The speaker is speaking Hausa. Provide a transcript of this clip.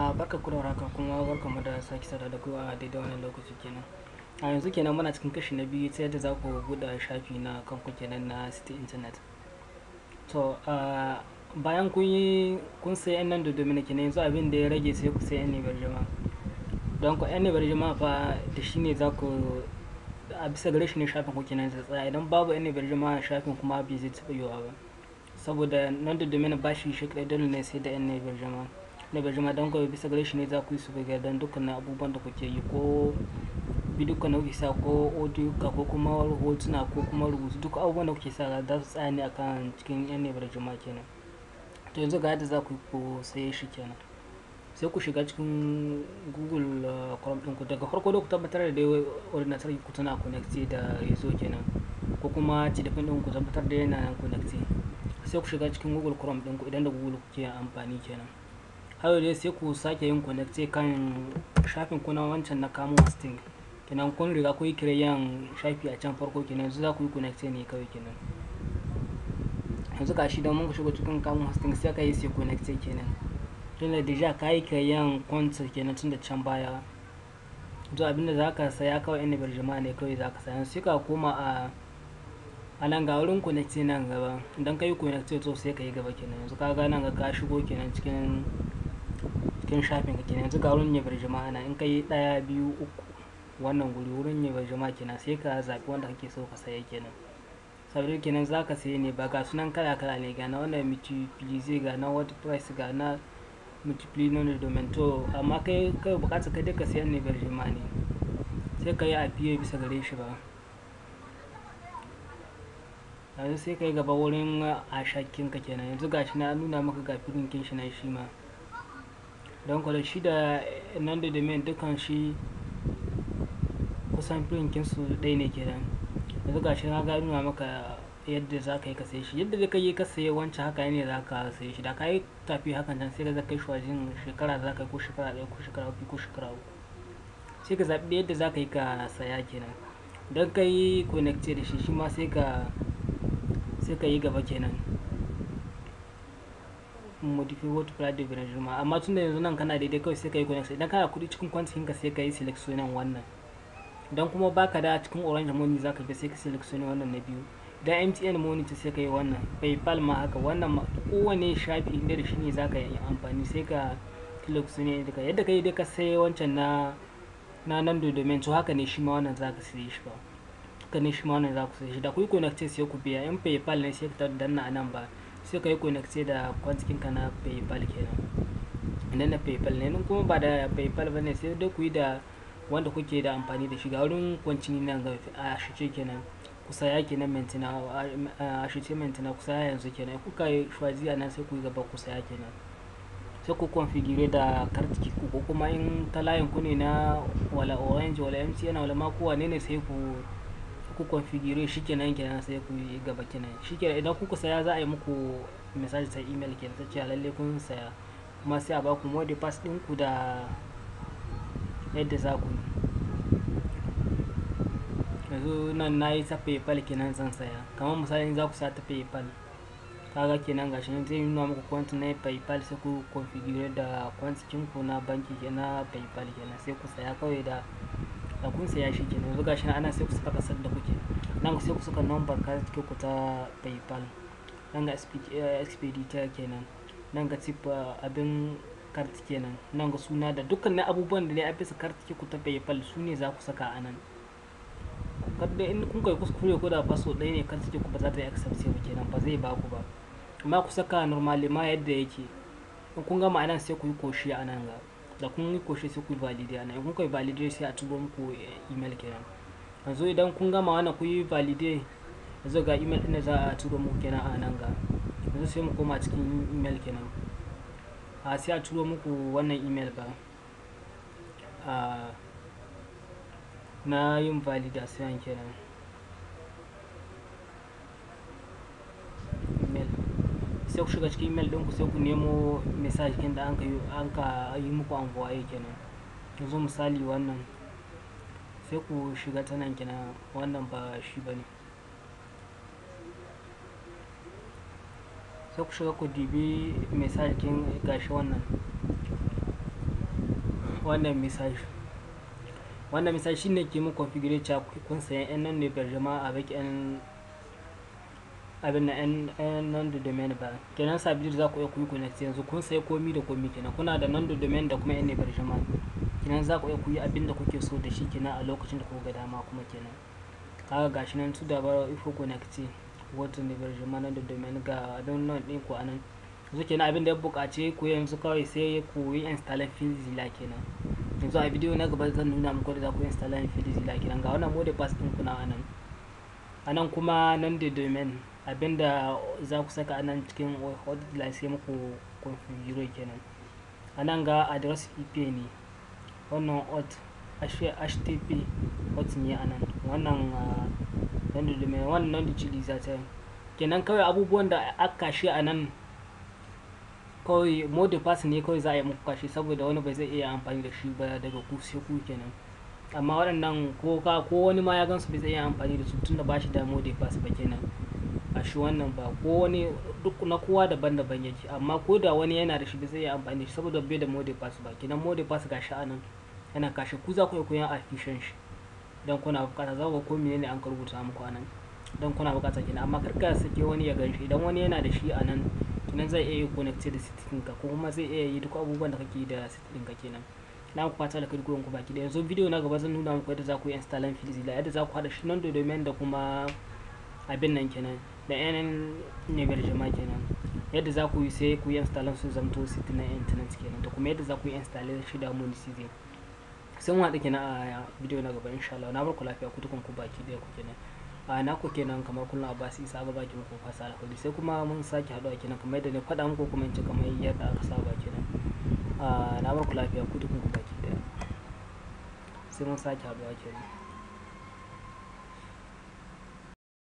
a ah, barka kudin raka kuma barka mu da sake sada da ku a daidai wannan lokaci kenan a yanzu kenan muna cikin kashi na biyu ta yadda za ku buɗe shafi na kanku kenan na city internet to bayan kun yi kun sai yan nan da domina kenan yanzu abin da ya rage sai ku sai yan nebar jama'a don ku yan nebar jama'a fa da shi ne za ku a bisa gare shi ne shafin ku kenan ta tsaya idan babu yan nebar jama'a shafin kuma bai zai taɓa yiwa ba saboda nan da domin ba shi shi kaɗai dole ne sai da yan nebar jama'a daga jima don kawai bisa gare shi ne za ku yi su buga don dukkanin abubuwan da kuke yi ko biduka na kuke sa ko audio ko kuma hotuna ko kuma rubutu duk abubuwan da kuke sa za su tsaya ne akan cikin yan ne jima kenan to yanzu ga yadda za ku ko saye shi kenan sai ku shiga cikin google uh, chrome ku daga farko da ku tabbatar da dai ordinator ku tana connected da rezo kenan ko kuma telefon ɗin ku tabbatar da yana nan connected sai ku shiga cikin google chrome ku idan da google kuke amfani kenan har dai sai ku sake yin connect kan shafin kuna wancan na kamo sting kenan kun riga ku yi kiran shafi a can farko kenan yanzu za ku yi connect ne kawai kenan yanzu ka shi don mun shigo cikin kamo hosting sai ka yi sai connect kenan da deja ka yi kiran kwanta kenan tun da can baya to abinda za ka saya kawai yan bar jama'a ne kawai za ka saya sai ka koma a a nan ga wurin connect nan gaba idan ka yi connecte to sai ka yi gaba kenan yanzu ka ga nan ga ka shigo kenan cikin cikin shafin ka kenan yanzu ga wurin bar jama'a na in kai ɗaya biyu uku wannan guri wurin yabar jama'a kenan sai ka zaɓi wanda kake so ka saya kenan saboda kenan za ka saye ne ba ga sunan kala kala ne ga na wannan multiplize ga na wordpress ga na multipli na domin to amma kai kai bukatar ka duka sayan ne jama'a ne sai ka yi a biye bisa gare shi ba yanzu sai ka yi gaba wurin a shakkin ka kenan yanzu gashi na nuna maka ga firin kin shi na shi ma don kwada shi da nan da domin dukkan shi kusan filinkin su ɗaya ne ke nan yanzu ga shi na ga nuna maka yadda za ka yi ka saye shi yadda ka yi ka saye wancan haka ne za ka saye shi da ka yi tafi hakan can sai ka yi shi wajen shekara za ka yi ko shekara ɗaya ko shekara uku ko shekara uku sai ka zaɓi yadda za ka yi ka saya kenan don ka yi connected da shi shi ma sai ka sai ka yi gaba kenan modify what price difference ma amma tun da yanzu nan kana daidai kawai sai ka yi connect idan kana kuɗi cikin quantity ka sai ka yi select nan wannan dan kuma baka da cikin orange money zaka ga sai ka select sunan wannan na biyu dan MTN money ta sai ka yi wannan PayPal ma haka wannan ma kowane shafi inda da shi ne zaka yi amfani sai ka so ne daga yadda kai dai ka sai wancan na na nan domain to haka ne shi ma wannan zaka sai shi ba haka ne shi ma wannan zaka sai shi da kuyi connect sai ku biya in PayPal ne sai ka danna anan ba sai ka yi connecte da kwantikin ka na paypal kenan idan na paypal ne nan kuma ba da paypal ba ne sai dai ku yi da wanda kuke da amfani da shi ga wurin kwancin nan ga a shice kenan kusa ya kenan maintina a shice maintina kusa ya yanzu kenan kuka yi shwazi a nan sai ku yi gaba kusa ya kenan sai ku configure da kartiki ku ko kuma in ta layin ku ne na wala orange wala mtn wala ma ne ne sai ku ku configure shi kenan kenan sai ku yi gaba kenan shi kenan idan kuka saya za a yi muku misali ta email kenan ta cewa lalle kun saya kuma sai a ku mode pass din ku da yadda za ku yi yanzu nan na yi ta paypal kenan zan saya kamar misali za ku saya ta paypal kaga kenan gashi zai nuna muku kwanti na paypal sai ku configure da kwanti ku na banki na paypal kenan sai ku saya kawai da da kun saya shi kenan yanzu gashi ana sai ku saka kasar da kuke nan sai ku saka number ka ke ku ta paypal nan ga eh, ta kenan nan ga tip eh, abin kart kenan nan ga suna da dukkanin abubuwan da ne a bisa kart ke ku ta paypal su ne za ku saka a nan kadda in kun kai kuskure ko da faso ɗaya ne kart ke ku ba za ta yi accept ba kenan ba zai ba ku ba amma ku saka normally ma yadda yake in kun gama anan sai ku yi koshi a nan ga da kun yi koshe sai ku validate ana in kun kai validate sai a turo muku eh, email kenan yanzu idan kun gama wannan ku yi validate yanzu ga email din da za a turo muku kenan a nan ga yanzu sai mu koma cikin email kenan a sai a turo muku wannan email ba na yin validation kenan sai ku shiga cikin email ku sai ku nemo message kin da an ka yi muku anguwaye kenan yanzu misali wannan sai ku shiga ta nan kenan wannan ba shi ba ne sai ku shiga ku dibi message kin gashi wannan wannan message wannan message shine ke mu configure kun sayan yan nan ne bar jama'a baki yan abin na yan nando domain ba kenan sabir za ku iya kuyi connect yanzu kun sai komi da komi kenan kuna da nando domain da kuma enable jama'a kenan za ku iya kuyi abin da kuke so da shi kenan a lokacin da kuka ga dama kuma kenan kaga gashi nan su da dabara ifo connect wato enable jama'a nando domain ga abin nan din ku anan yanzu kenan abin da ya buƙace ku yanzu kawai sai ku yi install filzilla kenan yanzu a bidiyo na gaba zan nuna muku da za ku install filzilla kenan ga wannan mode pass ɗin kuna anan anan kuma nan da domain abinda za ku saka anan cikin hotline line sai muku configure kenan anan ga address ip e ne wannan hot http hot ne anan wannan wanda ah, wannan da cili za ta kenan kawai abubuwan da aka kashe anan kawai mode pass ne kawai za a yi muku kashi saboda wani bai zai iya amfani da shi ba daga ku sai ku kenan amma waɗannan ko ka ko wani ma ya gansu bai zai iya amfani da su tunda ba shi da mode pass ba kenan a shi wannan ba ko wani duk na kowa daban-daban yake amma ko da wani yana da shi bai zai yi amfani shi saboda bai da mode pass ba kinan mode pass ga shi anan yana kashe ku za ku yi koyan afishan shi dan kuna bukata za ku ko ne an karbuta muku anan dan kuna bukata kenan amma karka sake wani ya ganshi idan wani yana da shi anan kinan zai iya yi connect da sitin ka ko kuma zai iya yi duk abubuwan da kake da sitin ka kenan na ku fata da kai goyon ku baki da yanzu bidiyo na gaba zan nuna muku yadda za ku yi installing filzilla yadda za ku haɗa shi nan domin da kuma abin nan kenan da yanayin nebar jama kenan yadda za ku yi sai ku yi installation su zamto 69 internet kenan da kuma yadda za ku yi installation shi da mun cz sun haɗu kenan a bidiyo na gaba insha Allah na barku lafiya ku tukun ku baki da ku kenan a na ku kenan kamar kullum a basi isa ba baki muku fasa kudi sai kuma mun sake a kenan kamar yadda ne faɗa muku kuma in ci kamar yadda aka saba kenan a na barku lafiya ku tukun ku baki da sai mun sake a kenan